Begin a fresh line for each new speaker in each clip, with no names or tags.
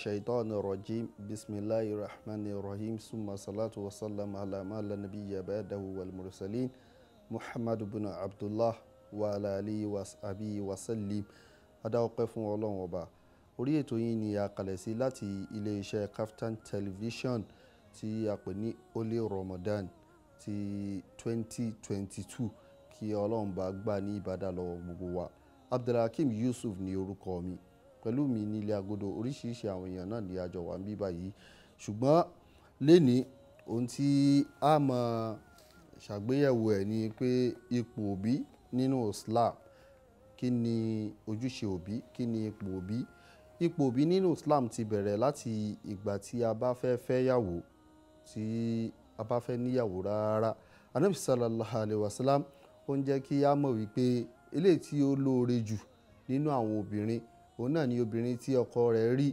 الشيطان الرجيم بسم الله الرحمن الرحيم ثم الصلاة والسلام على ما لا نبي بعده والمرسلين محمد بن عبد الله وعلى آله وصحبه وسلم adáwọ́pẹ́ fún ọlọ́run ọba orí ètò yìí ni a kalẹ̀ sí láti iléeṣẹ́ Kaftan Television tí a pè ní olè Ramadan ti 2022 kí ọlọ́run bá gbà ní ìbádà lọ́wọ́ gbogbo wa Abdulhakeem Yusuf ni orúkọ mi pẹ̀lú mi ní ilé agodo oríṣiríṣi àwọn èèyàn náà ní àjọ wà ń bí báyìí ṣùgbọ́n léni ohun tí a mọ̀ ṣàgbéyẹ̀wò ẹ̀ ni pé ipò òbí nínú Islam kí ni ojúṣe òbí kí ni ipò òbí ipò òbí nínú Islam ti bẹ̀rẹ̀ láti ìgbà tí a bá fẹ́ fẹ́yàwó tí a bá fẹ́ níyàwó rárá anabi sallallahu alayhi wa sallam ó ń jẹ́ kí a mọ̀ wípé eléyìí tí ó lóore jù nínú àwọn obìnrin òun náà ni obìnrin tí ọkọ rẹ̀ rí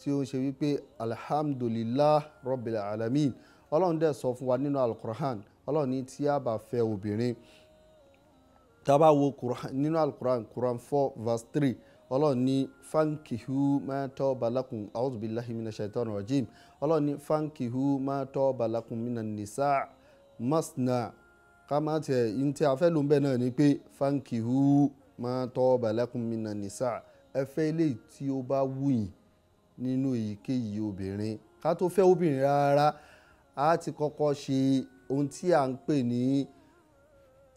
tí ó ń ṣe wípé alhamdulillah rabbil alamin ọlọ́run dẹ̀ sọ fún wa nínú alukur'an ọlọ́run ní tí a bá fẹ́ obìnrin tá a bá wo nínú alukur'an quran four verse three ọlọ́run ní fankihu ma taba lakum a'udhu billahi minash shaitani rajim ọlọ́run ní fankihu ma taba lakum minan nisaa masna kama tiẹ̀ ní tí a fẹ́ ló ń bẹ̀ náà ni pé fankihu ma taba lakum minan nisaa ẹ fẹ́ ilé tí ó bá wù yín nínú èyíkéyìí obìnrin ká tó fẹ́ obìnrin rárá a ti kọ́kọ́ ṣe ohun tí à ń pè ní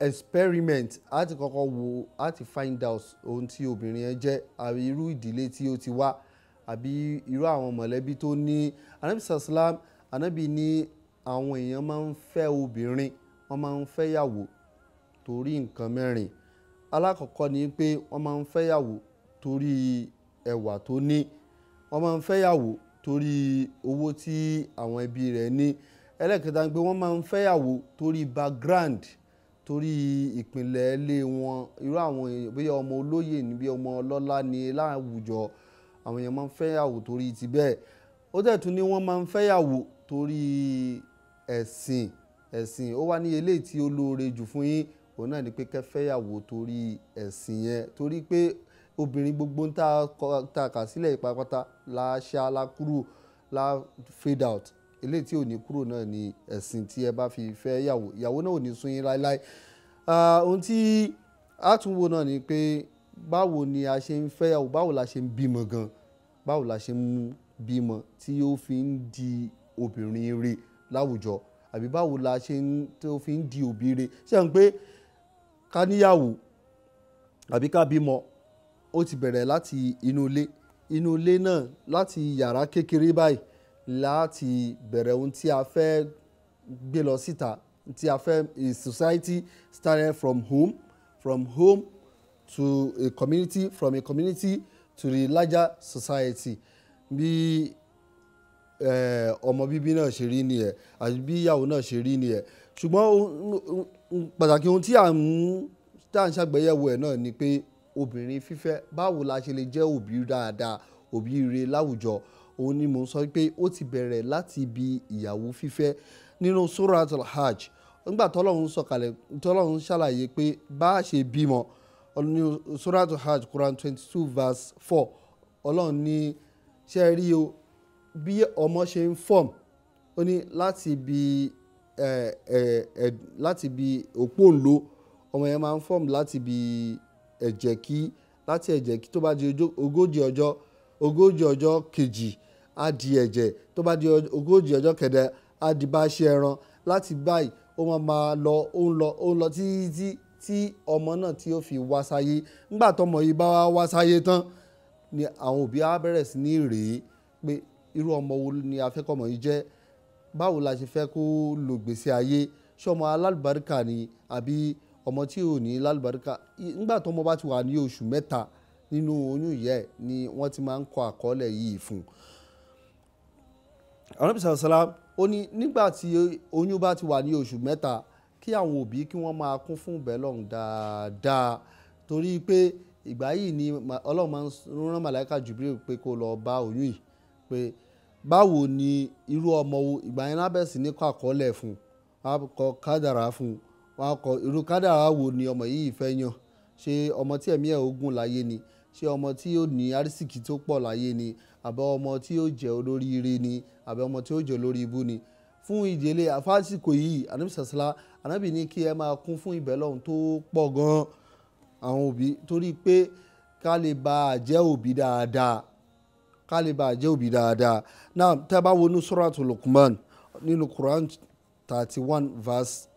experiment a ti kọ́kọ́ wo a ti find out ohun tí obìnrin yẹn jẹ́ àbí irú ìdílé tí ó ti wá àbí irú àwọn mọ̀lẹ́bí tó ní anabi sàlám anabi ní àwọn èèyàn máa ń fẹ́ obìnrin wọ́n máa ń fẹ́ yàwó torí nǹkan mẹ́rin alákọ̀ọ́kọ́ ni pé wọ́n máa ń fẹ́ yàwó torí ẹwà tó ní wọ́n máa ń fẹ́yàwó torí owó tí àwọn ẹbí rẹ̀ ní ẹlẹ́kẹta ni wọ́n máa ń fẹ́yàwó torí background torí ìpìlẹ̀ ilé wọn irú àwọn èèyàn bí ọmọ olóyè ni bí ọmọ ọlọ́lá ni láwùjọ àwọn èèyàn máa ń fẹ́yàwó torí ti bẹ́ẹ̀ ó dẹ̀ tún ní wọ́n máa ń fẹ́yàwó torí ẹ̀sìn ẹ̀sìn ó wá ní eléyìí tí ó lóore jù fún yín òun náà ni pé kẹ́ torí ẹ̀sìn yẹn torí pé obìnrin gbogbo ń ta kà sílẹ̀ ìpapátá la ṣá la kúrò la fade out eléyìí tí ò ní kúrò náà ni ẹ̀sìn tí ẹ bá fi fẹ́ yàwó ìyàwó náà ò ní sún yín láéláé ohun tí a tún wò náà ni pé báwo ni a ṣe ń fẹ́ yàwó báwo la ṣe ń bímọ gan báwo la ṣe ń bímọ tí ó fi ń di obìnrin rè láwùjọ àbí báwo la ṣe ń tó fi ń di òbí rè ṣe ń pé ká níyàwó àbí ká bímọ ó ti bẹ̀rẹ̀ láti inú ilé inú ilé náà láti yàrá kékeré báyìí láti bẹ̀rẹ̀ ohun tí a fẹ́ gbé lọ síta tí a fẹ́ a society started from home from home to a community from a community to the larger society bí ọmọ bíbí náà ṣe rí nìyẹn àti bí ìyàwó náà ṣe rí nìyẹn ṣùgbọ́n pàtàkì ohun tí à ń ṣàgbéyẹ̀wò ẹ̀ náà ni pé obìnrin fífẹ́ báwo la ṣe lè jẹ́ òbí dáadáa òbí ire láwùjọ òun ni mò ń sọ pé ó ti bẹ̀rẹ̀ láti ibi ìyàwó fífẹ́ nínú surat al-hajj nígbà tọ́lọ́hún sọ̀kalẹ̀ tọ́lọ́hún ṣàlàyé pé bá a ṣe bímọ ní surat al-hajj quran twenty two verse four ọlọ́run ní ṣe rí o bí ọmọ ṣe ń fọ́m ó ní láti ibi ẹ ẹ ẹ láti ibi òpó òǹlo ọmọ yẹn máa ń fọ́m láti ibi ẹ̀jẹ̀ kí láti ẹ̀jẹ̀ kí tó bá di ogójì ọjọ́ ogójì ọjọ́ kejì á di ẹ̀jẹ̀ tó bá di ogójì ọjọ́ kẹ̀dẹ̀ á di bá ṣe ẹran láti báyìí ó máa máa lọ ó ń lọ ó ń lọ títí tí ọmọ náà tí ó fi wá sáyé nígbà tọmọ yìí bá wá sáyé tán ni àwọn òbí á bẹ̀rẹ̀ sí ní rèé pé irú ọmọ wo ni afẹ́kọ̀ọ́mọ yìí jẹ́ báwo la ṣe fẹ́ kó lògbèsè ayé ṣọmọ alálùbáríkà ni àbí ọmọ tí ò ní lálùbáríkà nígbà tó ọmọ bá ti wà ní oṣù mẹ́ta nínú oyún ìyá ni wọ́n ti máa ń kọ àkọọ́lẹ̀ yìí fún un. ànábì sàlám ó ní nígbà tí oyún bá ti wà ní oṣù mẹ́ta kí àwọn òbí kí wọ́n máa kún fún bẹ́lọ̀n dáadáa torí pé ìgbà yìí ni ọlọ́run máa ń rán màláìka Jibril pé kó lọ bá oyún yìí pé báwo ni irú ọmọ wo ìgbà yẹn lábẹ́sì ní kọ́ àkọọ́lẹ̀ fún un kọ́ kádàrá fún un wàá kọ irú kádàrá wo ni ọmọ yìí fẹ́ yan ṣé ọmọ tí ẹ̀mí ẹ̀ ogun láyé ni ṣé ọmọ tí ó ní arísìkì tó pọ̀ láyé ni àbẹ́ ọmọ tí ó jẹ́ olóríire ni àbẹ́ ọmọ tí ó jẹ́ olórí ibú ni fún ìdílé àfáàsìkò yìí ànábì sàṣàlá ànábì ní kí ẹ máa kún fún ìbẹ̀ lọ́hùn tó pọ̀ gan-an àwọn òbí torí pé ká lè bá a jẹ́ òbí dáadáa ká lè bá a jẹ́ òbí dáadáa náà tẹ́ bá wọnú suratul Luqman nínú Quran thirty one verse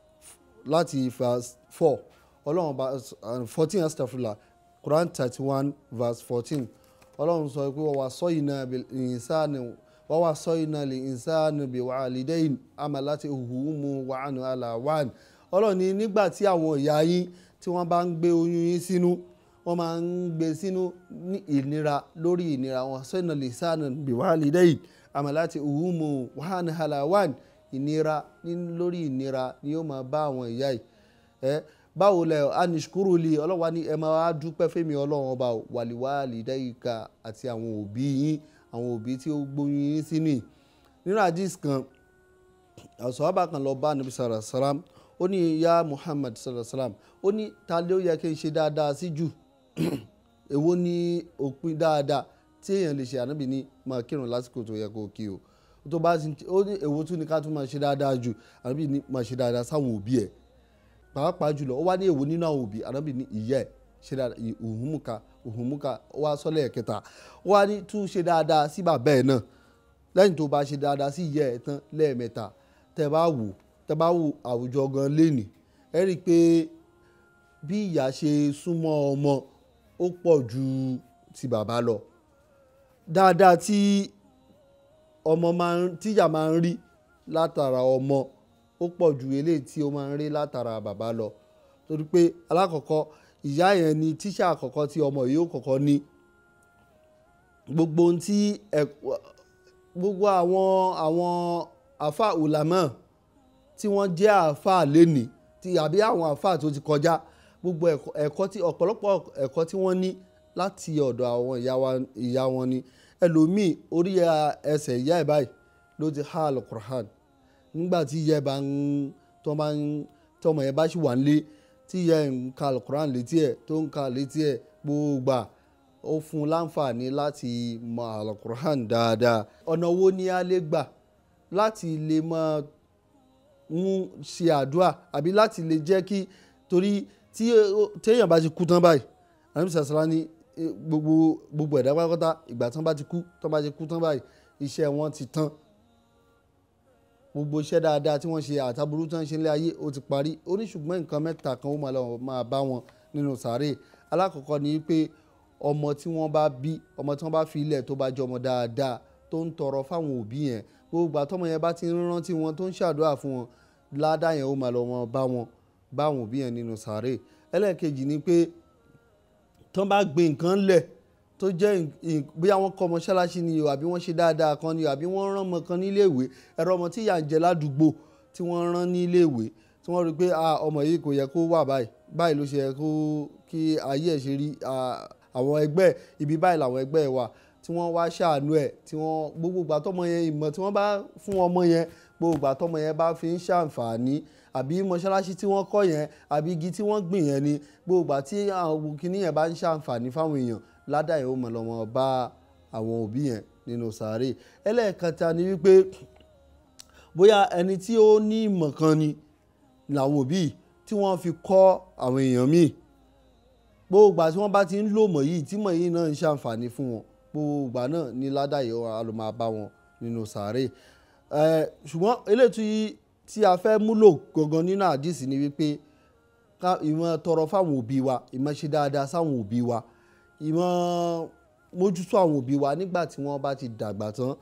láti verse four ọlọ́run bá fourteen astafula quran thirty one verse fourteen ọlọ́run sọ pé wọ́n wá sọ́yìn náà ìsáni wọ́n wá sọ́yìn náà lè ìsáni bí wàá lìdẹ́yìn àmà láti hùwùmù wàánu aláwàn ọlọ́run ní nígbà tí àwọn ìyá yín tí wọ́n bá ń gbé oyún yín sínú wọ́n máa ń gbé sínú ní ìnira lórí ìnira wọn sọ́yìn náà ìsáni bí wàá lìdẹ́yìn àmà láti hùwùmù wàánu aláwàn ìnira lórí ìnira ni yóò máa bá àwọn ìyá yìí ẹ báwo lẹ anìṣkúrú li ọlọ́wà ni ẹ máa dúpẹ́ fẹ́mi ọlọ́run ọba wàlíwàlì dẹ́yìíka àti àwọn òbí yín àwọn òbí tí ó gbóyún yín sí nì nínú àdìs kan àṣọ́bà kan lọ bá nàbí sàràsàràm ó ní ya Muhammad sàràsàràm ó ní ta ló yẹ kí n ṣe dáadáa sí jù èwo ni òpin dáadáa tí èèyàn lè ṣe ànábì ní máa kírun lásìkò tó yẹ kó kí o tó bá ti ó ní èwo tún ni ká tún máa ṣe dáadáa jù ànábì ní máa ṣe dáadáa sáwọn òbí ẹ̀ pàápàá jùlọ ó wá ní èwo nínú àwọn òbí ànábì ní ìyá ẹ̀ ṣe dáadáa ìhùnmùka ìhùnmùka ó wá sọ́lẹ̀ kẹta ó wá ní tún ṣe dáadáa sí bàbá ẹ̀ náà lẹ́yìn tó bá ṣe dáadáa sí ìyá ẹ̀ tán lẹ́ẹ̀mẹ́ta tẹ́ bá wò tẹ́ bá wò àwùjọ gan lénìí ẹ rí i pé bí ìyá ṣe súnmọ́ ọmọ ó pọ̀ ju ti bàbá lọ dáadáa tí ọmọ máa ń tíyà máa ń rí látara ọmọ ó pọ̀ ju eléyìí tí ó máa ń rí látara bàbá lọ torí pé alákọ̀ọ́kọ́ ìyá yẹn ni tíṣà àkọ́kọ́ tí ọmọ yìí ó kọ́kọ́ ní gbogbo ohun tí gbogbo àwọn àwọn àfa ùlámọ̀ tí wọ́n jẹ́ àfa lẹ́nìí ti àbí àwọn àfa tó ti kọjá gbogbo ẹ̀kọ́ tí ọ̀pọ̀lọpọ̀ ẹ̀kọ́ tí wọ́n ní láti ọ̀dọ̀ àwọn ìyá wọn ni ẹlòmíì orí ẹsẹ̀ ìyá ẹ̀ báyìí ló ti há alukur'an nígbà tí ìyá ẹ̀ bá ń tọmọ yẹn bá ṣì wà nílé tí ìyá ẹ̀ ń ka alukur'an létí ẹ̀ tó ń ka létí ẹ̀ gbogbo ó fún láǹfààní láti mọ alukur'an dáadáa ọ̀nà wo ni a lè gbà láti lè máa ń ṣe àdúrà àbí láti lè jẹ́ kí torí tí téèyàn bá ti kú tán báyìí àmì ni Eh, gbogbo gbogbo ẹ̀dá pátápátá ìgbà tán bá ti kú tán bá ti kú tán báyìí iṣẹ́ wọn ti tán gbogbo iṣẹ́ dáadáa tí wọ́n ṣe àtàbúrú tán ṣe nílé ayé ó ti parí ó ní ṣùgbọ́n nǹkan mẹ́ta kan ó máa lọ máa bá wọn nínú sàárè alákọ̀ọ́kọ́ ni pé ọmọ tí wọ́n bá bí ọmọ tí wọ́n bá fi ilẹ̀ tó bá jọmọ dáadáa tó ń tọrọ fáwọn òbí yẹn gbogbo ìgbà tọ́mọ yẹn bá ti rántí wọn tó ń ṣàdúrà fún wọn ládàá yẹn ó máa lọ wọn bá wọn bá wọn òbí yẹn nínú sàárè ẹlẹ́ẹ̀kejì ni pé tán bá gbin nǹkan lẹ̀ tó jẹ́ bóyá wọ́n kọ́ mọ́ṣáláṣí ni o àbí wọ́n ṣe dáadáa kan ni o àbí wọ́n rán ọmọ kan nílé ìwé ẹ̀rọ ọmọ tí ìyà ń jẹ ládùúgbò tí wọ́n rán nílé ìwé tí wọ́n rí i pé ọmọ yìí kò yẹ kó wà báyìí báyìí ló ṣe yẹ kó kí ayé ẹ̀ ṣe rí àwọn ẹgbẹ́ ibi báyìí làwọn ẹgbẹ́ ẹ̀ wà tí wọ́n wá ṣàánú ẹ̀ tí wọ́n gbogbo ìgbà tọ́mọ yẹn ìmọ̀ tí wọ́n bá fún ọmọ yẹn gbogbo àtọmọ yẹn bá fi ń ṣàǹfààní àbí mọ́ṣáláṣí tí wọ́n kọ́ yẹn àbí igi tí wọ́n gbìn yẹn ni gbogbo àti àwọn kìíní yẹn bá ń ṣàǹfààní fáwọn èèyàn ládàá yẹn ó mọ̀ lọ́mọ bá àwọn òbí yẹn nínú sàárè ẹlẹ́ẹ̀kẹta ni wípé bóyá ẹni tí ó ní ìmọ̀ kan ni làwọn òbí tí wọ́n fi kọ́ àwọn èèyàn míì gbogbo àti wọ́n bá ti ń lò mọ̀ yìí tí mọ̀ yìí náà ń ṣàǹfààní fún wọn gbogbo àná ni ládàá yẹn á lọ ṣùgbọ́n eléyìí tí a fẹ́ múlò gangan nínú àdìsí ni wípé ìmọ̀ tọrọ fáwọn òbí wa ìmọ̀ ṣe dáadáa sáwọn òbí wa ìmọ̀ mójútó àwọn òbí wa nígbà tí wọ́n bá ti dàgbà tán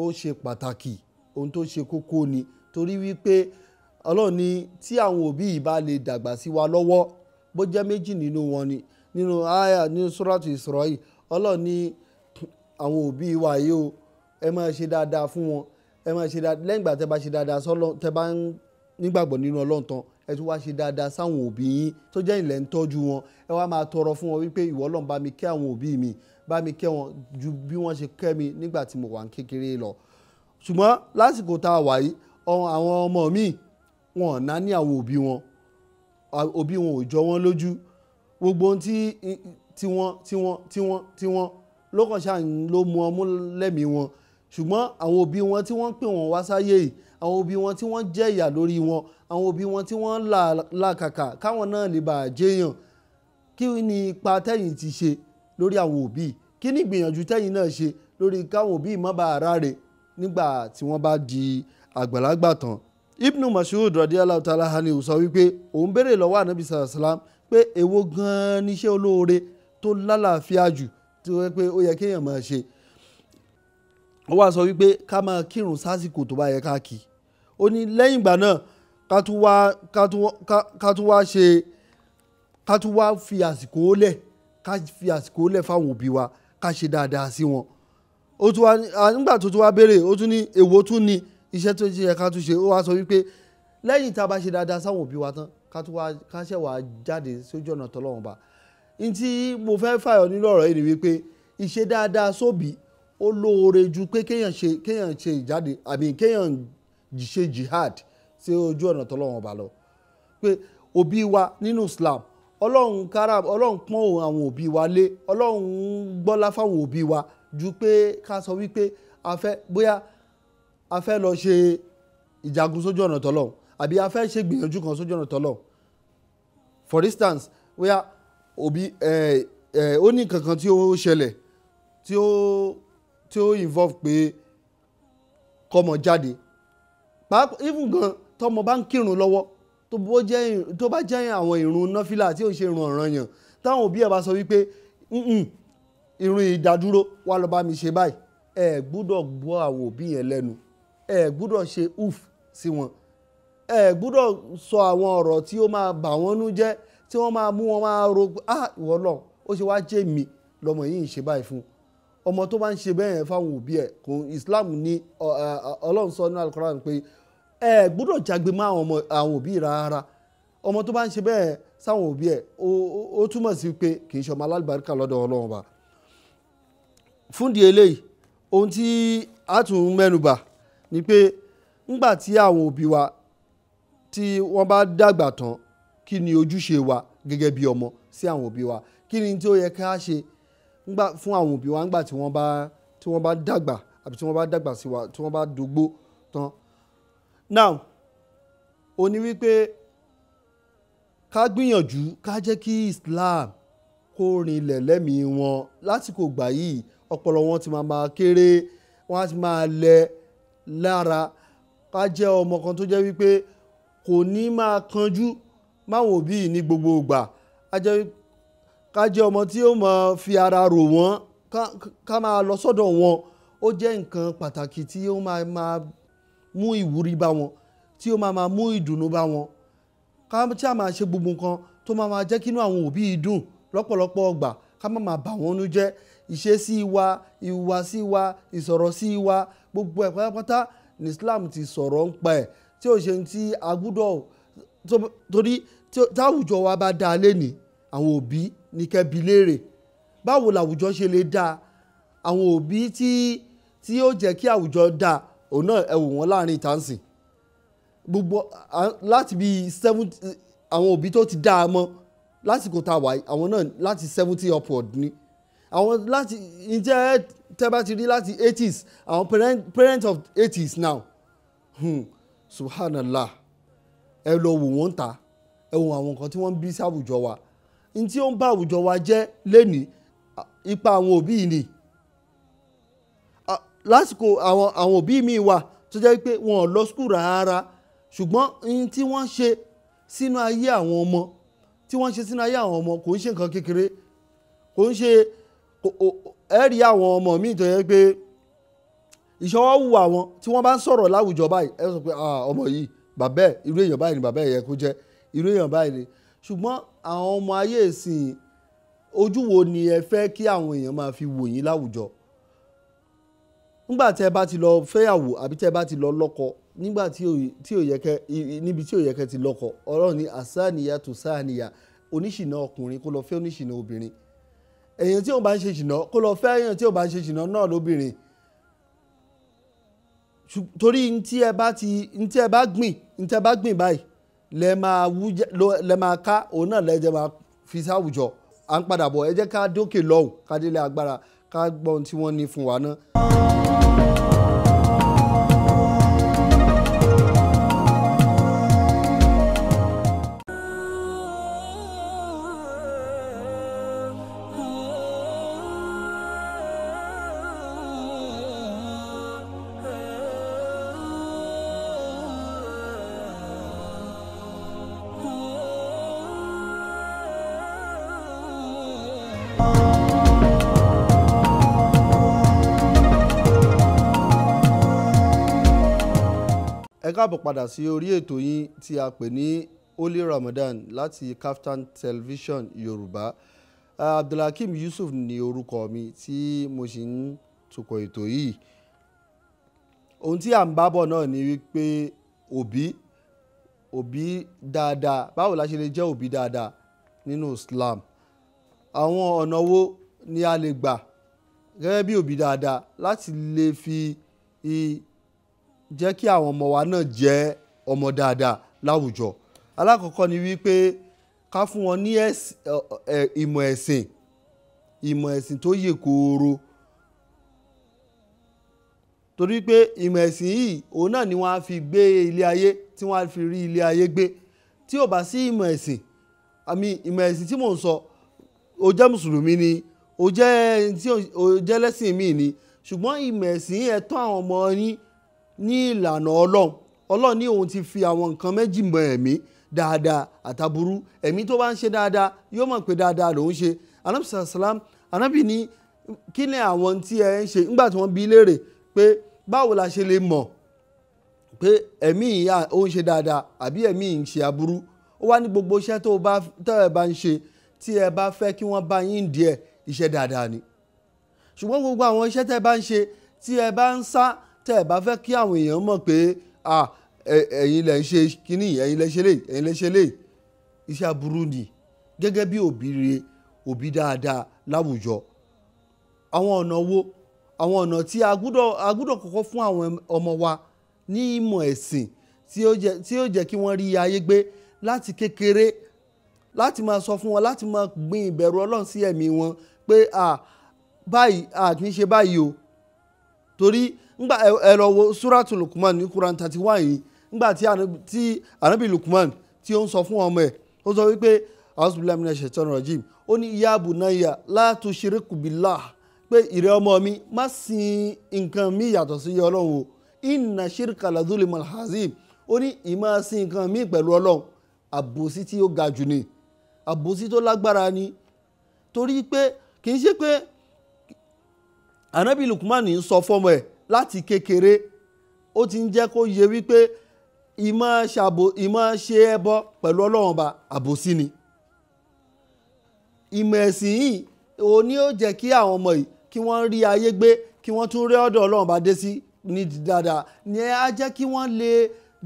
ó ṣe pàtàkì ohun tó ṣe kókó ni torí wípé ọlọ́run ni tí àwọn òbí yìí bá lè dàgbà sí wa lọ́wọ́ bó jẹ́ méjì nínú wọn ni nínú aya nínú suratu Isra'i ọlọ́run ni àwọn òbí wa yìí o ẹ máa ṣe dáadáa fún wọn ẹ máa ṣe dáadáa lẹ́yìn ìgbà tẹ bá ṣe dáadáa sọ́lọ́ tẹ bá ń nígbàgbọ́ nínú ọlọ́run tán ẹ tún wá ṣe dáadáa sáwọn òbí yín tó jẹ́ ìlẹ̀ ń tọ́jú wọn ẹ wá máa tọrọ fún wọn wípé ìwọ ọlọ́run bá mi kẹ́ àwọn òbí mi bá mi kẹ́ wọn ju bí wọ́n ṣe kẹ́ mi nígbà tí mo wà ń kékeré lọ ṣùgbọ́n lásìkò tá a wà yìí àwọn ọmọ mi wọn ná ní àwọn òbí wọn òbí wọn ò jọ wọn lójú gbogbo ohun tí tiwọn tiwọn tiwọn tiwọn ló ṣáà ló mú ọmú lẹ́mìí wọn ṣùgbọ́n àwọn òbí wọn tí wọ́n pè wọ́n wá sáyé yìí àwọn òbí wọn tí wọ́n jẹ́ ìyà lórí wọn àwọn òbí wọn tí wọ́n làkàkà káwọn náà lè bàa jẹyàn kí ni ipa tẹ́yìn ti ṣe lórí àwọn òbí kí ni ìgbìyànjú tẹ́yìn náà ṣe lórí káwọn òbí má bàa ráre nígbà tí wọ́n bá di àgbàlagbà tán Ibn Mas'ud radiyallahu ta'ala hani sọ wípé òun béèrè lọ́wọ́ anabi sàlám pé èwo gan-an níṣẹ́ olóore tó lálàáfíà jù tó yẹ pé ó yẹ kéèyàn máa ṣe ó wá sọ wípé ká máa kírun sásìkò tó bá yẹ ká kí ó ní lẹ́yìn ìgbà náà ká tún wá ká tún wá ṣe ká tún wá fi àsìkò lẹ̀ ká fi àsìkò lẹ̀ fáwọn òbí wa ká ṣe dáadáa sí wọn ó tún wá nígbà tó tún wá béèrè ó tún ní èwo tún ní iṣẹ́ tó ṣe yẹ ká tún ṣe ó wá sọ wípé lẹ́yìn tá a bá ṣe dáadáa sáwọn òbí wa tán ká tún wá ká ṣẹ̀ wá jáde sójú ọ̀nà tọ́lọ́run bá n tí mo fẹ́ fàyọ nílò ọ̀rọ̀ yìí ni wípé ìṣe dáadáa sóbì ó lóore ju pé kéèyàn ṣe kéèyàn ṣe ìjáde àbí kéèyàn ṣe jihad sí ojú ọ̀nà tọ́lọ́wọ́n bá lọ pé òbí wa nínú Islam ọlọ́run karam ọlọ́run pọ́n àwọn òbí wa lé ọlọ́run gbọ́lá fáwọn òbí wa ju pé ká sọ wípé a fẹ́ bóyá a fẹ́ lọ ṣe ìjagun sójú ọ̀nà tọ́lọ́run àbí a fẹ́ ṣe gbìyànjú kan sójú ọ̀nà tọ́lọ́run for instance bóyá òbí ẹ eh, ẹ eh, ó ní kankan tí ó ṣẹlẹ̀ tí ó tí ó involve pé kọ́mọ jáde pàápàá even gan tọ́mọ bá ń kírun lọ́wọ́ tó bá jẹ́ àwọn ìrun nọ́fìlà tí ò ń ṣe ìrun ọ̀ranyàn táwọn òbí ẹ̀ bá sọ wípé ìrun ìdádúró wà lọ́ọ́ bá mi ṣe báyìí ẹ gbúdọ̀ gbọ́ àwọn òbí yẹn lẹ́nu ẹ gbúdọ̀ ṣe oof sí wọn ẹ gbúdọ̀ sọ àwọn ọ̀rọ̀ tí ó máa bà wọ́n nú jẹ́ tí wọ́n máa mú wọn máa ro ah ìwọ lọ ó ṣe wá jẹ́ mi lọmọ yìí ń ṣe báyìí fún ọmọ tó bá ń ṣe bẹ́ẹ̀ fáwọn òbí ẹ̀ kò Islam ní ọlọ́run sọ ní Al-Qur'an pé ẹ gbọ́dọ̀ jágbe mọ́ àwọn òbí rárá ọmọ tó bá ń ṣe bẹ́ẹ̀ sáwọn òbí ẹ̀ ó túmọ̀ sí pé kì í ṣọmọ alálùbáríkà lọ́dọ̀ ọlọ́run ọba fúndì eléyìí ohun tí a tún mẹ́nubà ni pé ńgbà tí àwọn òbí wa tí wọ́n bá dàgbà tán kí ni ojúṣe wa gẹ́gẹ́ bí ọmọ sí àwọn òbí wa kí ni tí ó yẹ ká ṣe ńgbà fún àwọn òbí wa ńgbà tí wọ́n bá tí wọ́n bá dàgbà àbí tí wọ́n bá dàgbà sí wa tí wọ́n bá dògbó tán now ó ní wípé ká gbìyànjú ká jẹ́ kí Islam kó rinlẹ̀ lẹ́mìí wọn lásìkò gbà yìí ọpọlọ wọn ti máa ma kéré wọn á ti máa lẹ lára ká jẹ́ ọmọ kan tó jẹ́ wípé kò ní máa kanjú máwọn òbí ní gbogbo ìgbà á jẹ́ wípé ká jẹ́ ọmọ tí ó máa fi ara rò wọ́n ká máa lọ sọ́dọ̀ wọn ó jẹ́ nǹkan pàtàkì tí ó máa máa mú ìwúrí bá wọn tí ó máa máa mú ìdùnnú bá wọn ká tí a máa ṣe gbogbo nǹkan tó máa máa jẹ́ kínú àwọn òbí dùn lọ́pọ̀lọpọ̀ ọgbà ká má máa bà wọ́n nú jẹ́ ìṣesí wa ìhùwàsí wa ìsọ̀rọ̀ sí wa gbogbo ẹ̀ pátápátá ní Islam ti sọ̀rọ̀ ń pa ẹ̀ tí ó ṣe ti agbúdọ̀ torí táwùjọ wa bá dáa lé àwọn òbí ní kẹ́bi léèrè báwo làwùjọ ṣe lè dáa àwọn òbí tí tí ó jẹ́ kí àwùjọ dáa òun náà ẹ wò wọ́n láàrin ìtànsìn gbogbo láti bíi seventy àwọn òbí tó ti dáa mọ́ lásìkò tá a wà àwọn náà láti seventy upward ni àwọn láti ǹjẹ́ tẹ́ bá ti rí láti eighties àwọn parent parent of eighties now hmm, subhanallah ẹ lọ wò wọ́n ta ẹ wò àwọn nǹkan tí wọ́n ń bí sáwùjọ wa n tí ó ń bá àwùjọ wa jẹ́ lénìí ipa àwọn òbí yìí ni lásìkò àwọn àwọn òbí mi wà tó jẹ́ pé wọn ò lọ skul rárá ṣùgbọ́n n tí wọ́n ṣe sínú ayé àwọn ọmọ tí wọ́n ṣe sínú ayé àwọn ọmọ kò ń ṣe nǹkan kékeré kò ń ṣe ẹ̀rí àwọn ọmọ míì tó yẹ pé ìṣọwọ́ hùwà wọn tí wọ́n bá ń sọ̀rọ̀ láwùjọ báyìí ẹ sọ pé ọmọ yìí bàbá ẹ̀ irú èèyàn báyìí ni bàbá ẹ̀ yẹ kó jẹ́ irú èèyàn báyìí ni ṣùgbọ́n àwọn ọmọ ayé ìsìn ojú wo ni ẹ fẹ́ kí àwọn èèyàn máa fi wò yín láwùjọ nígbà tí ẹ bá ti lọ fẹ́yàwó àbí tí ẹ bá ti lọ lọ́kọ nígbà tí ò yẹ kẹ́ níbi tí ò yẹ kẹ́ ti lọ́kọ ọ̀rọ̀ ni àsáàníyà tó sáàníyà oníṣìnà ọkùnrin kó lọ fẹ́ oníṣìnà obìnrin èèyàn tí ò bá ń ṣe ṣìnà kó lọ fẹ́ èèyàn tí ò bá ń ṣe ṣìnà náà lóbìnrin torí ntí ẹ bá gbìn ntí ẹ bá gbìn báyìí lẹ máa wújẹ lẹ máa ká òun náà lẹ́jẹ̀ máa fi sáwùjọ à ń padà bọ̀ ẹ jẹ́ ká dókè lọ́hùn ká agbára ká gbọ́n tí wọ́n ní fún wa náà. káàbọ̀ padà sí orí ètò yín tí a pè ní Holy Ramadan láti Kaftan Television Yorùbá Abdulhakeem Yusuf ni orúkọ mi tí mo sì ń tukọ̀ ètò yìí ohun tí à ń bábọ̀ náà ni wípé òbí òbí dáadáa báwo la ṣe lè jẹ́ òbí dáadáa nínú Islam àwọn ọ̀nà wo ni a lè gbà gẹ́gẹ́ bí òbí dáadáa láti lè fi i jẹ́ kí àwọn ọmọ wa náà jẹ́ ọmọ dáadáa láwùjọ alákọ̀ọ́kọ́ ni wípé ká fún wọn ní ìmọ̀ ẹ̀sìn ìmọ̀ ẹ̀sìn tó yè kooro torí pé ìmọ̀ ẹ̀sìn yìí òun náà ni wọ́n á fi gbé ilé ayé tí wọ́n á fi rí ilé ayé gbé tí ò bá sí ìmọ̀ ẹ̀sìn àmì ìmọ̀ ẹ̀sìn tí mò ń sọ ó jẹ́ mùsùlùmí ni ó jẹ́ ẹni tí ó jẹ́ lẹ́sìn míì ni ṣùgbọ́n ìmọ̀ ẹ̀sìn yìí ẹ̀ tọ́ àwọn ọmọ yín ní ìlànà ọlọ́run ọlọ́run ní òun ti fi àwọn nǹkan méjì mọ ẹ̀mí dáadáa àtàbúrú ẹ̀mí tó bá ń ṣe dáadáa yóò mọ̀ pé dáadáa lòún ṣe anabi sàlám anabi ní kí ni àwọn tí ẹ ń ṣe nígbà tí wọ́n bi léèrè pé báwo la ṣe lè mọ̀ pé ẹ̀mí ìyá ó ń ṣe dáadáa àbí ẹ̀mí ń ṣe aburú ó wá ní gbogbo iṣẹ́ tó ẹ bá ń ṣe tí ẹ bá fẹ́ kí wọ́n bá yín díẹ̀ iṣẹ́ dáadáa ni ṣùgbọ́n gbogbo àwọn iṣẹ́ tẹ́ ẹ bá ń ṣe tí ẹ bá ń sá tẹ́ ẹ bá fẹ́ kí àwọn èèyàn mọ̀ pé ẹ̀yin lẹ ń ṣe kínní ẹ̀yin lẹ ṣe léyìí ẹ̀yin lẹ ṣe léyìí iṣẹ́ aburú ni gẹ́gẹ́ bí òbí rere òbí dáadáa láwùjọ àwọn ọ̀nà wo àwọn ọ̀nà tí a gbúdọ̀ kọ́kọ́ fún àwọn ọmọ wa ní ìmọ̀ ẹ̀sìn tí ó jẹ́ kí wọ́n rí ayé gbé láti kékeré láti máa sọ fún wọn láti máa gbin ìbẹ̀rù ọlọ́run sí ẹ̀mí wọn pé báyìí a kì í ṣe báyìí o torí ngba ẹ lọ wo suratu lukman ní quran thirty one yìí ngba tí anabi lukman tí ó ń sọ fún ọmọ ẹ̀ ó sọ wípé a'udzubillahi minash-shaytanir-rajim ó ní ya bunayya la tushriku billah pé ìrẹ́ ọmọ mi má sin nǹkan mi yàtọ̀ sí iye ọlọ́run o inna shirka la zulmul hazim ó ní ìmọ̀ sin nǹkan mi pẹ̀lú ọlọ́run àbòsí tí ó ga jù ni àbòsí tó lágbára ni torí pé kì í ṣe pé anabi lukman ń sọ fọmọ ẹ̀ láti kékeré ó ti ń jẹ́ kó yẹ wípé ìmọ̀ ṣàbò ìmọ̀ ṣe ẹbọ pẹ̀lú ọlọ́run ọba àbòsí ni ìmọ̀ ẹ̀sìn yìí òun ni ó jẹ́ kí àwọn ọmọ yìí kí wọ́n rí ayé gbé kí wọ́n tún rí ọ̀dọ̀ ọlọ́run ọba dé sí ní dáadáa ni á jẹ́ kí wọ́n lè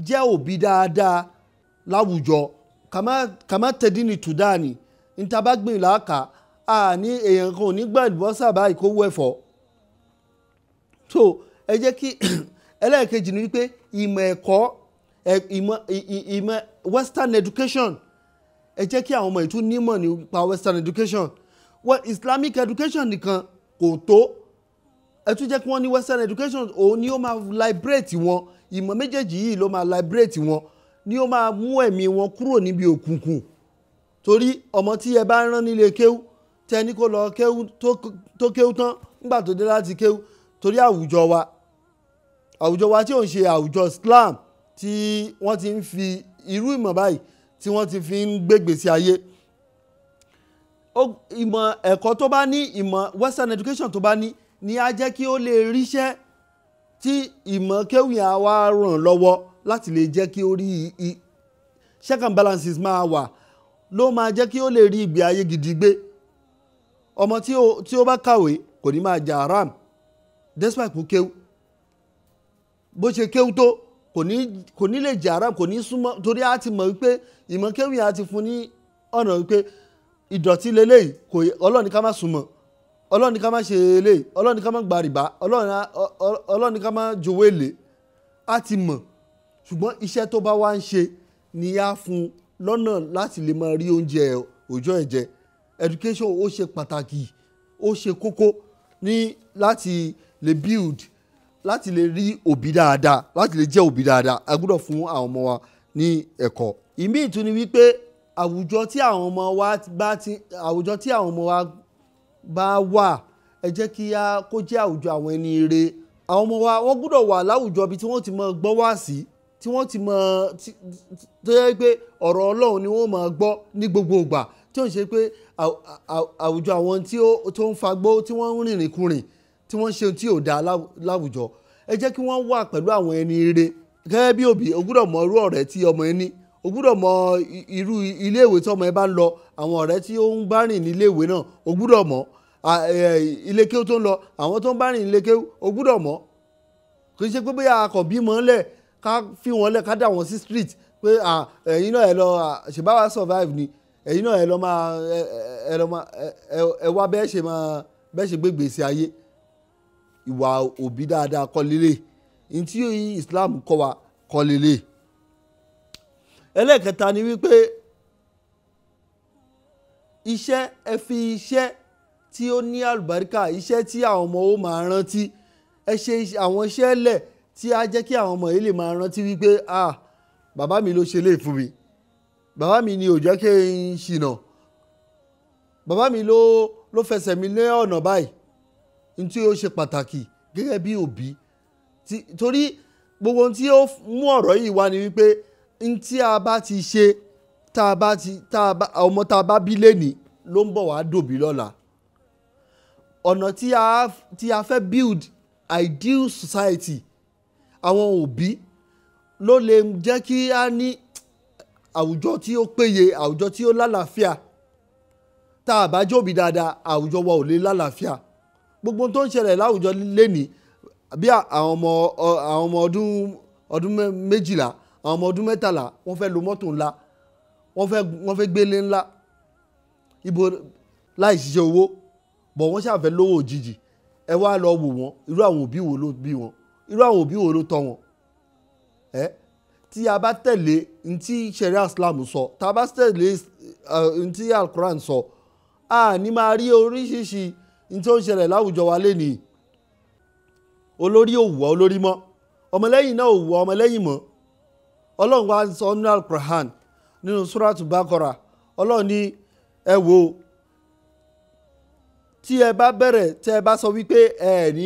jẹ́ òbí dáadáa láwùjọ kàmá tẹ̀dí ni tùdáàní ntabagbìn làákà àní èèyàn kan ò ní gbàgbọ́ sábà ìkówó ẹ̀fọ́ so ẹ jẹ́ kí ẹlẹ́ẹ̀kejì ni wípé ìmọ̀ ẹ̀kọ́ ìmọ̀ western education ẹ jẹ́ kí àwọn ọmọ ìtú nímọ̀ nípa western education well islamic education nìkan kò tó ẹ tún jẹ́ kí wọ́n ní western education òun ni ó máa liberate wọn ìmọ̀ méjèèjì yìí ló máa liberate wọn ni ó máa mú ẹ̀mí wọn kúrò níbi òkùnkùn torí ọmọ tí ẹ bá rán nílé kéwú tẹni kó lọ kéwú tó kéwú tán nígbà tó dé láti kéwú torí àwùjọ wa àwùjọ wa tí ò ń ṣe àwùjọ Islam tí wọ́n ti ń fi irú ìmọ̀ báyìí tí wọ́n ti fi ń gbégbèsè ayé ìmọ̀ ẹ̀kọ́ tó bá ní ìmọ̀ western education tó bá ní ni a jẹ́ kí ó lè ríṣẹ́ tí ìmọ̀ kéwìn àwa ràn lọ́wọ́ láti lè jẹ́ kí ó rí i check and balances máa wà ló máa jẹ́ kí ó lè rí ìgbé ayé gidi gbé ọmọ tí ó bá kàwé kò ní máa jà haram despite kó kéwù bó ṣe kéwú tó kò ní lè jẹ́ haram kò ní súnmọ́ torí a ti mọ̀ wípé ìmọ̀ kéwú yẹn a ti fún ní ọ̀nà wípé ìdọ̀tí leléyìí kò yẹ ọlọ́ọ̀ni ká má súnmọ́ ọlọ́ọ̀ni ká má ṣe eléyìí ọlọ́ọ̀ni ká má gba rìbá ọlọ́ọ̀ni ká má jowó èlé a ti mọ̀ ṣùgbọ́n iṣẹ́ tó bá wá ń ṣe ni a fún lọ́nà láti lè máa rí oúnjẹ òòjọ́ ẹ̀ education ó ṣe pàtàkì ó ṣe kókó ní láti lè build láti lè rí òbí dáadáa láti lè jẹ́ òbí dáadáa a gbọ́dọ̀ fún àwọn ọmọ wa ní ẹ̀kọ́. ìmí ìtún ni wípé àwùjọ tí àwọn ọmọ wa bá ti àwùjọ tí àwọn ọmọ wa bá wà ẹ jẹ́ kí a kó jẹ́ àwùjọ àwọn ẹni ire àwọn ọmọ wa wọ́n gbọ́dọ̀ wà láwùjọ ibi tí wọ́n ti máa gbọ́ wá sí tí wọ́n ti máa tó yẹ pé ọ̀rọ̀ Ọlọ́run ni wọ́n máa gbọ́ ní gbogbo ìgbà tí ó ṣe pé àwùjọ àwọn tí ó ń fagbó tí wọ́n ń rìnrìn kùnrin tí wọ́n ṣe tí ò dáa láwùjọ ẹ jẹ́ kí wọ́n wà pẹ̀lú àwọn ẹni rere gẹ́gẹ́ bí òbí o gbúdọ̀ mọ irú ọ̀rẹ́ tí ọmọ ẹ ní o gbúdọ̀ mọ irú iléèwé tí ọmọ ẹ bá ń lọ àwọn ọ̀rẹ́ tí ó ń bá rìn ní iléèwé náà o gbúdọ̀ mọ ilékéwú tó ń lọ àwọn tó ń bá rìn ní ilékéwú o gbúdọ̀ mọ kì í ṣe pé bóyá akọ̀ bímọ lẹ̀ ká fi wọn lẹ̀ ká dà wọn sí street pé ẹ̀yin náà ẹ lọ ṣèbáwá survive ni ẹ̀yin náà ẹ lọ máa ẹ wá bẹ́ẹ̀ ṣe máa bẹ́ẹ̀ ṣe gbégbèsè ayé ìwà òbí dáadáa kọ́ lélẹ̀ ntí Islam kọ́ wa kọ́ lélẹ̀ ẹlẹ́ẹ̀kẹta ni wípé iṣẹ́ ẹ fi iṣẹ́ tí ó ní àlùbáríkà iṣẹ́ tí àwọn ọmọ ó máa rántí ẹ ṣe àwọn iṣẹ́ lẹ̀ tí a jẹ́ kí àwọn ọmọ yìí lè máa rántí wípé ah bàbá mi ló ṣe lè fún mi bàbá mi ni ò jẹ́ kí n ṣìnà bàbá mi ló ló fẹsẹ̀ mi lé ọ̀nà báyìí n tí ó ṣe pàtàkì gẹ́gẹ́ bí òbí torí gbogbo ohun tí ó mú ọ̀rọ̀ yìí wá ni wípé n tí a bá ti ṣe tá a bá ti tá a bá ọmọ tá a bá bí lẹ́nìí ló ń bọ̀ wá dòbí lọ́la ọ̀nà tí a tí a fẹ́ build ideal society àwọn òbí ló lè jẹ́ kí a ní àwùjọ tí ó péye àwùjọ tí ó lálàáfíà tá a bá jòbí dáadáa àwùjọ wa ò lè lálàáfíà gbogbo tó ń ṣẹlẹ̀ láwùjọ lénìí bí àwọn ọmọ àwọn ọmọ ọdún ọdún méjìlá àwọn ọmọ ọdún mẹ́tàlá wọ́n fẹ́ lo mọ́tò ńlá wọ́n fẹ́ wọ́n fẹ́ gbélé ńlá ibo láì ṣiṣẹ́ owó bọ̀ wọ́n ṣàfẹ́ lówó òjijì ẹ wá lọ wò wọ́n irú àwọn òbí wo ló bí wọn irú àwọn òbí wo ló tọ́ wọn ẹ tí a bá tẹ̀lé ntí sharia islam sọ tá a bá tẹ̀lé ntí alquran sọ a ní máa rí oríṣiríṣi ní tí ó ń ṣẹlẹ̀ láwùjọ wa lénìí olórí òwúwa olórí mọ́ ọmọlẹ́yìn náà òwúwa ọmọlẹ́yìn mọ́ ọlọ́run wa ń sọ nínú alquran nínú suratu bakora ọlọ́run ní ẹ wo tí ẹ bá bẹ̀rẹ̀ tí ẹ bá sọ wípé ẹ ní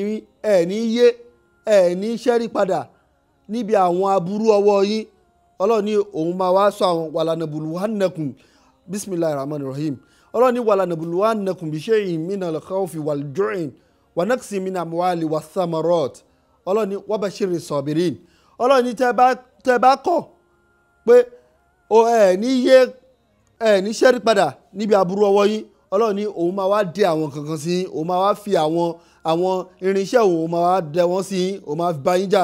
ẹ ní yé ẹ ní ṣẹ́rí padà níbi àwọn aburú ọwọ́ yín ọlọ́run ní òun máa wá sọ àwọn wàlànà bùrù hànẹ́kùn bisimilahi rahman rahim ọlọ́run ní wàlá nàbùlùwà nàkùnbí ṣẹ́yìn mina lọ́kọ́fì wàlùjọ́ìn wànàkìsì mina muwali wàsàmọ́rọ́t ọlọ́run ní wàbàṣírí sọ̀bìrín ọlọ́run ni tẹ́ bá kọ̀ pé ẹ ní yé ẹ ní ṣẹ́rí padà níbi aburú ọwọ́ yín ọlọ́run ní òun máa wá dé àwọn kankan sí òun máa wá fi àwọn àwọn irinṣẹ́ òun máa wá dẹ wọ́n sí òun máa bá yín jà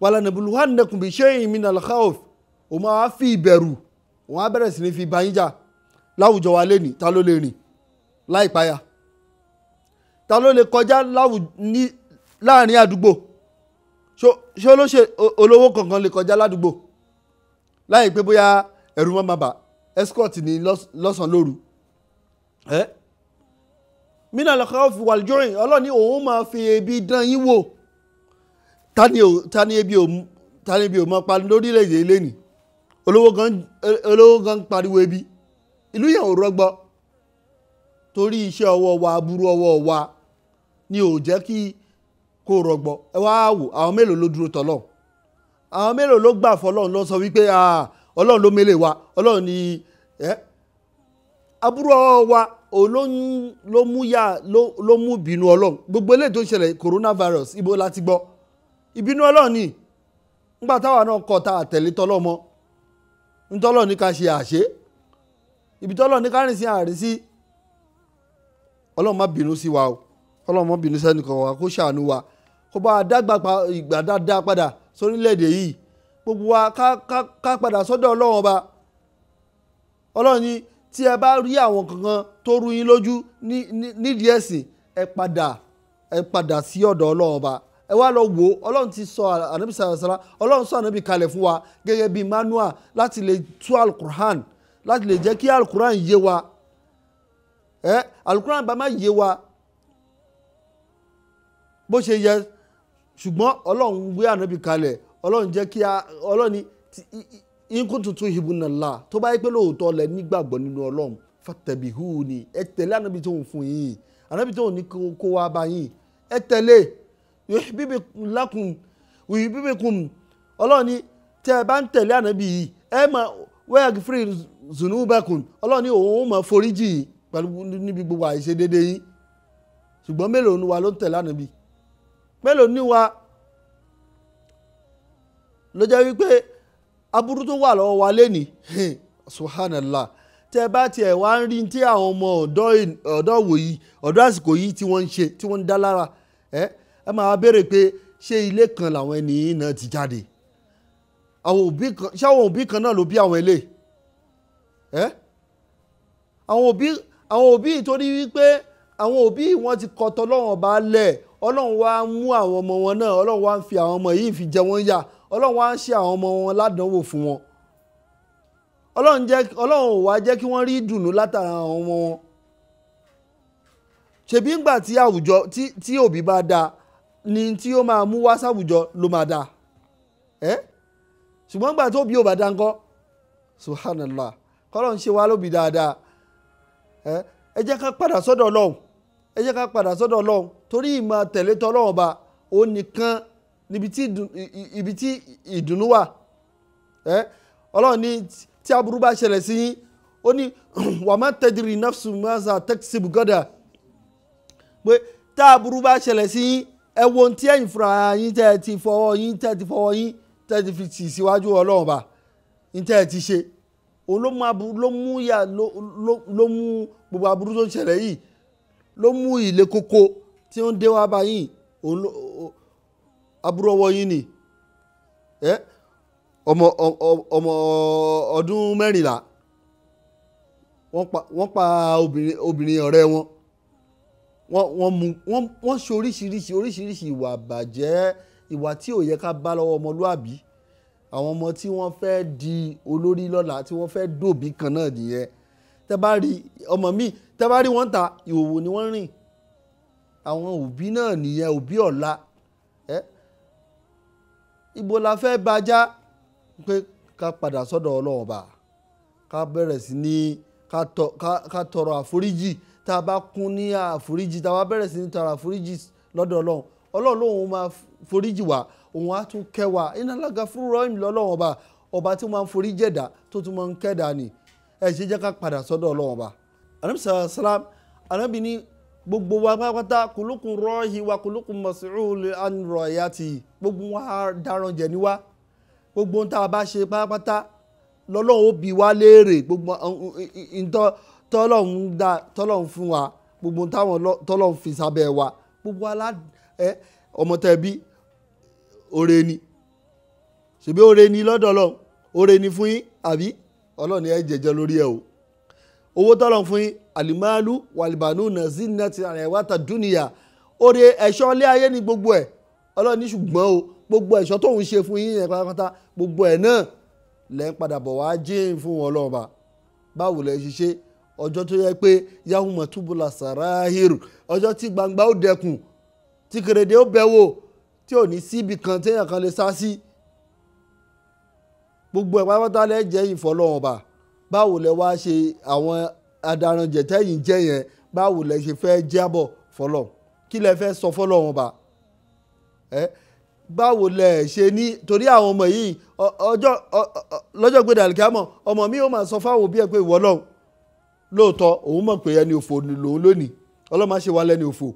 wàlá nàbùlùwà nàkùnbí ṣẹ́yìn mina wọ́n á bẹ̀rẹ̀ sí ní fi báyìí jà láwùjọ wa lé ní ta ló lè rìn láì páyà ta ló lè kọjá láàrin àdúgbò ṣé olóṣè olówó kankan lè kọjá ládùúgbò láì pé bóyá ẹ̀rù wọn máa escort ní lọ́sàn-án lóru ẹ́ mina lọ́kọ́ fi wà lójúrin ọlọ́ni òun máa fi ebi dán yín wò ta ni ebi ò mọ pa lórílẹ̀‐èdè lẹ́nìí olówó gan olówó pariwo ebi ìlú yẹn ò rọgbọ torí iṣẹ́ ọwọ́ wa aburú ọwọ́ wa ni ò jẹ́ kí kó rọgbọ ẹ wá wò àwọn mélòó ló dúró tọ́lọ̀ àwọn mélòó ló gbà fọlọ́run ló sọ wípé ọlọ́run ló mélè wa ọlọ́run ni ẹ aburú ọwọ́ wa ló mú yá ló mú bínú ọlọ́run gbogbo eléyìí tó ṣẹlẹ̀ coronavirus ibo la ti gbọ́ ìbínú ọlọ́run ni nígbà táwa náà kọ́ ta àtẹ̀lé tọ́lọ́ mọ́ ntọ́lọ̀ ní ká ṣe àṣe ibi tọ́lọ̀ ní ká rìn sí àárín sí ọlọ́run má bínú sí wa o ọlọ́run má bínú sẹ́nìkan wa kó ṣàánú wa kó bá a dágbà ìgbà dáadáa padà sórílẹ̀-èdè yìí gbogbo wa ká padà sọ́dọ̀ ọlọ́run ọba ọlọ́run ni tí ẹ bá rí àwọn kankan tó rú yín lójú nídìí ẹ̀sìn ẹ padà ẹ padà sí ọ̀dọ̀ ọlọ́run ọba ẹ wá lọ wò ó ọlọ́run ti sọ ànábì sàràsàrà ọlọ́run sọ ànábì kalẹ̀ fún wa gẹ́gẹ́ bíi manual láti lè tú alukur'an láti lè jẹ́ kí alukur'an yé wa ẹ alukur'an bá má yé wa bó ṣe yẹ ṣùgbọ́n ọlọ́run gbé ànábì kalẹ̀ ọlọ́run jẹ́ kí ọlọ́run ní ikú tuntun ìbùnàlá tó bá yẹ pé lóòótọ́ lẹ nígbàgbọ́ nínú ọlọ́run fatabihu ni ẹ tẹ̀lé ànábì tó ń fún yín ànábì tó ń ní kó wá bá yín ẹ tẹ̀lé yuhibbikum yuhibbikum ọlọ́run ní tẹ́ ẹ bá ń tẹ̀lé ànábì yìí ẹ máa wẹ́ẹ̀gì fírí zunubakum ọlọ́run ní òun ó máa foríjì yìí pẹ̀lú níbi gbogbo àìṣedédé yín ṣùgbọ́n mélòó ni wa ló ń tẹ̀lé ànábì mélòó ni wa ló jẹ́ wípé aburú tó wà lọ́wọ́ wa lẹ́ni subhanallah tẹ bá tiẹ̀ wá ń rí tí àwọn ọmọ ọ̀dọ́ wòyí ọ̀dọ́ àsìkò yìí tí wọ́n ń ṣe tí wọ́n ń dá lára ẹ́ eh? ẹ máa béèrè pé ṣé ilé kan làwọn ẹni yìí náà ti jáde àwọn òbí kan ṣé àwọn òbí kan náà ló bí àwọn ilé ẹ àwọn òbí àwọn òbí torí wípé àwọn òbí wọn ti kọtọ lọ́wọ́n ọba lẹ̀ ọlọ́run wá mú àwọn ọmọ wọn náà ọlọ́run wá fi àwọn ọmọ yìí fi jẹ wọ́n yà ọlọ́run wá ṣe àwọn ọmọ wọn ládánwò fún wọn ọlọ́run ò wá jẹ́ kí wọ́n rí ìdùnnú látara àwọn ọmọ wọn ṣèbí ńgbà tí òbí bá dáa ni tí ó máa mú wá sáwùjọ ló máa dáa ẹ́ ṣùgbọ́n gbà tó bí ò bá dá ńkọ́ subhanallah kọ́lọ̀ ń ṣe wá lóbi dáadáa ẹ́ ẹ jẹ́ ká padà sọ́dọ̀ ọlọ́run ẹ jẹ́ ká padà sọ́dọ̀ ọlọ́run torí ìmọ̀ tẹ̀lé tọ́lọ́run ọba ó nìkan níbi tí ìdùnnú wà ẹ́ ọlọ́run ní tí aburú bá ṣẹlẹ̀ sí yín ó ní wà má tadri nafsu maza taksibu gada pé tá aburú bá ṣẹlẹ̀ sí yín ẹ wo ohun tí ẹ̀yin fúnra yín tẹ́ ẹ ti fọwọ́ yín tẹ́ ẹ ti fọwọ́ yín tẹ́ ẹ ti fi tì síwájú ọlọ́run bá yín tẹ́ ẹ ti ṣe òun ló mú aburú ló mú yà ló mú gbogbo aburú tó ń ṣẹlẹ̀ yìí ló mú ilé koko tí ó ń dé wá bá yín òun ló aburú ọwọ́ yín ni ọmọ ọmọ ọdún mẹ́rìnlá wọ́n pa obìnrin ọ̀rẹ́ wọn wọ́n ṣe oríṣiríṣi oríṣiríṣi ìwà àbàjẹ́ ìwà tí ò yẹ ká bá lọ́wọ́ ọmọlúàbí àwọn ọmọ tí wọ́n fẹ́ di olórí lọ́la tí wọ́n fẹ́ dòbí kan náà nìyẹn tẹ́ bá rí ọmọ mi tẹ́ bá rí wọ́n ta ìhòòhò ni wọ́n rìn àwọn òbí náà nìyẹn òbí ọ̀la ẹ́ ibo la fẹ́ bàjá pé ká padà sọ́dọ̀ ọlọ́run bá ká bẹ̀rẹ̀ sí ní ká tọrọ àforíjì tá a bá kún ní àforíjì tá a bá bẹ̀rẹ̀ sí ní tara àforíjì lọ́dọ̀ ọlọ́run ọlọ́run lòun máa foríjì wá òun á tún kẹ́ wa iná alága fúnra ẹ̀mí lọ́lọ́run ọba ọba tí wọ́n máa ń foríjì tó tún máa ń kẹ́dà ni ẹ̀ ṣe jẹ́ ká padà sọ́dọ̀ ọlọ́run ọba. anamisa salam anabi ni gbogbo wa pátápátá kùlùkùn rọ́ọ̀hì wa kùlùkùn mọ̀sùlùmí ànúrọ̀ ẹ̀yà ti gbogbo wa dáràn jẹ̀ ni wa gbogbo ohun tá a bá ṣe pátápátá lọ́lọ́run ó bi wa léèrè gbogbo tọ́lọ́hún dá tọ́lọ́hún fún wa gbogbo táwọn tọ́lọ́hún fi sábẹ́ wa gbogbo alá ẹ ọmọ tẹ̀bí oore ni ṣebí oore ni lọ́dọ̀ ọlọ́run oore ni fún yín àbí ọlọ́run ẹ jẹjẹ lórí ẹ o owó tọ́lọ́hún fún yín alimalu walibanu nazi nati ta dúnìyà oore ẹ̀ṣọ́ ilé ayé ni gbogbo ẹ̀ ọlọ́run ní ṣùgbọ́n o gbogbo ẹ̀ṣọ́ tóun ṣe fún yín yẹn pátápátá gbogbo ẹ̀ náà lẹ́ ń padà bọ̀ wá jíìn fún wọn lọ́ba báwo lẹ́ ṣe ṣe ọjọ́ tó yẹ pé yahuma tubula sarahir ọjọ́ tí gbangba ó dẹkùn tí kèrèdè ó bẹ̀wò tí ò ní síbi kan téèyàn kan lè sá sí gbogbo ẹ̀ pátá lẹ́ jẹ́ ìfọlọ́wọ́n bá báwo lẹ wá ṣe àwọn adaranjẹ tẹ́yìn jẹ́ yẹn báwo lẹ ṣe fẹ́ jábọ̀ fọlọ́ kí lẹ fẹ́ sọ fọlọ́wọ́n bá ẹ báwo lẹ ṣe ní torí àwọn ọmọ yìí ọjọ́ lọ́jọ́ gbẹdàlùkẹ́ àmọ́ ọmọ mi ò máa sọ fáwọn òbí ẹ pé ìwọ lóòótọ́ òun mọ̀ pé ẹni òfò lòun lónìí ọlọ́mọ ṣe wá lẹ́ni òfò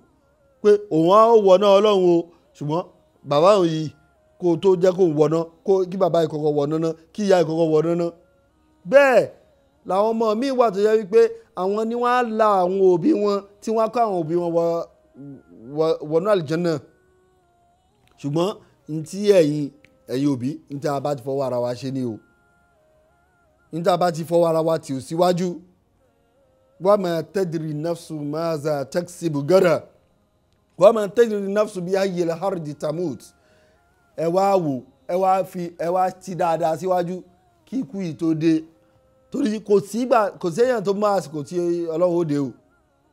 pé òun á wọ náà ọlọ́run o ṣùgbọ́n bàbá òun yìí kó o tó jẹ́ kó o wọ̀nà kó kí bàbá ìkọ̀kọ̀ wọ̀nà náà kí ìyá ìkọ̀kọ̀ wọ̀nà náà bẹ́ẹ̀ làwọn ọmọ míì wà tó yẹ wípé àwọn ni wọ́n á la àwọn òbí wọn tí wọ́n á kó àwọn òbí wọn wọnú àlìjànnà ṣùgbọ́n ntí ẹ̀yin ẹ̀yin òbí ntí a bá ti fọwọ́ ara wa ṣe ni o ntí a bá ti fọwọ́ ara wa tì ó síwájú wama tadiri nafsu maza taksibu gada wama tadiri nafsu bi ayil hardi tamut ẹ wá wò fi ẹ wá ti dáadáa síwájú kí ikú yìí tó dé torí kò sígbà kò séèyàn tó máa àsìkò tí ọlọ́run ó dé o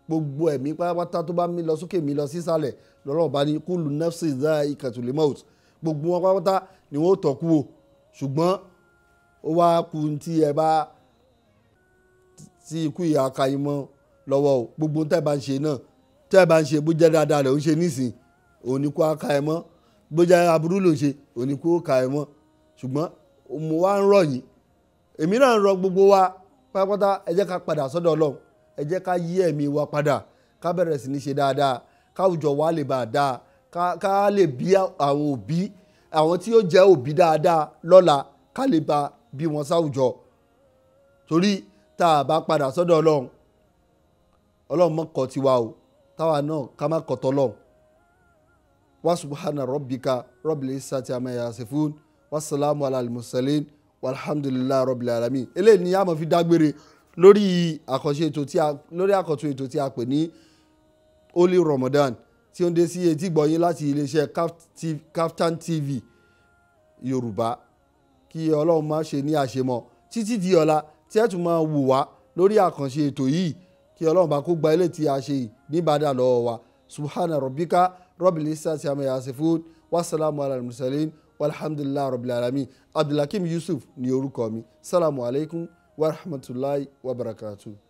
gbogbo ẹ̀mí pátápátá tó bá mi lọ sókè mi lọ sísàlẹ̀ lọ́rọ̀ bá ní kúlù nafsi za ìkàtúlẹ̀ mọ́ọ̀t gbogbo wọn pátápátá ni wọ́n ó tọ́kú o ṣùgbọ́n ó wá kú tí ẹ bá sí ikú ìyá akayimọ́ lọ́wọ́ o gbogbo tẹ́ bá ń ṣe náà tẹ́ bá ń ṣe bó jẹ́ dáadáa rẹ̀ ó ń ṣe nísìn òun ni kó akayimọ́ bó jẹ́ aburú ló ń ṣe òun ni kó akayimọ́ ṣùgbọ́n mo wá ń rọ̀ yìí èmi náà ń rọ gbogbo wa pátápátá ẹ jẹ́ ká padà sọ́dọ̀ ọlọ́run ẹ jẹ́ ká yí ẹ̀mí wa padà ká bẹ̀rẹ̀ sí ní ṣe dáadáa káwùjọ wa lè bá a dáa ká lè bí àwọn òbí àwọn tí ó jẹ́ òbí dáadáa lọ́la ká lè bá bí wọn sáwùjọ torí tá a bá padà sọ́dọ̀ ọlọ́run ọlọ́run mọ́kọ̀ tiwa o táwa náà ká má kọ̀ tọ́lọ̀ wa subhana rabbika rabbil isati ama yasifun wasalaamu walhamdulilayi rabbil alamin eléyìí ni a máa fi dágbére lórí àkọ́tún ètò tí a pè ní holy ramadan tí ó ń dé sí etí gbọ̀nyìn láti iléeṣẹ́ Kaftan TV yorùbá kí ọlọ́run má ṣe ní àṣemọ́ títí di ọ̀la tí ẹ tún máa wò wá lórí àkànṣe ètò yìí kí ọlọ́run bá kó gba ilé tí a ṣe níbàdàn lọ́wọ́ wa subhana rabbika rabbil isati ama yasifun wasalaamu ala mursalin walhamdulilayi rabbil alamin abdulhakeem yusuf ni orúkọ mi salamu alaykum wa rahmatulahi wa barakatuh.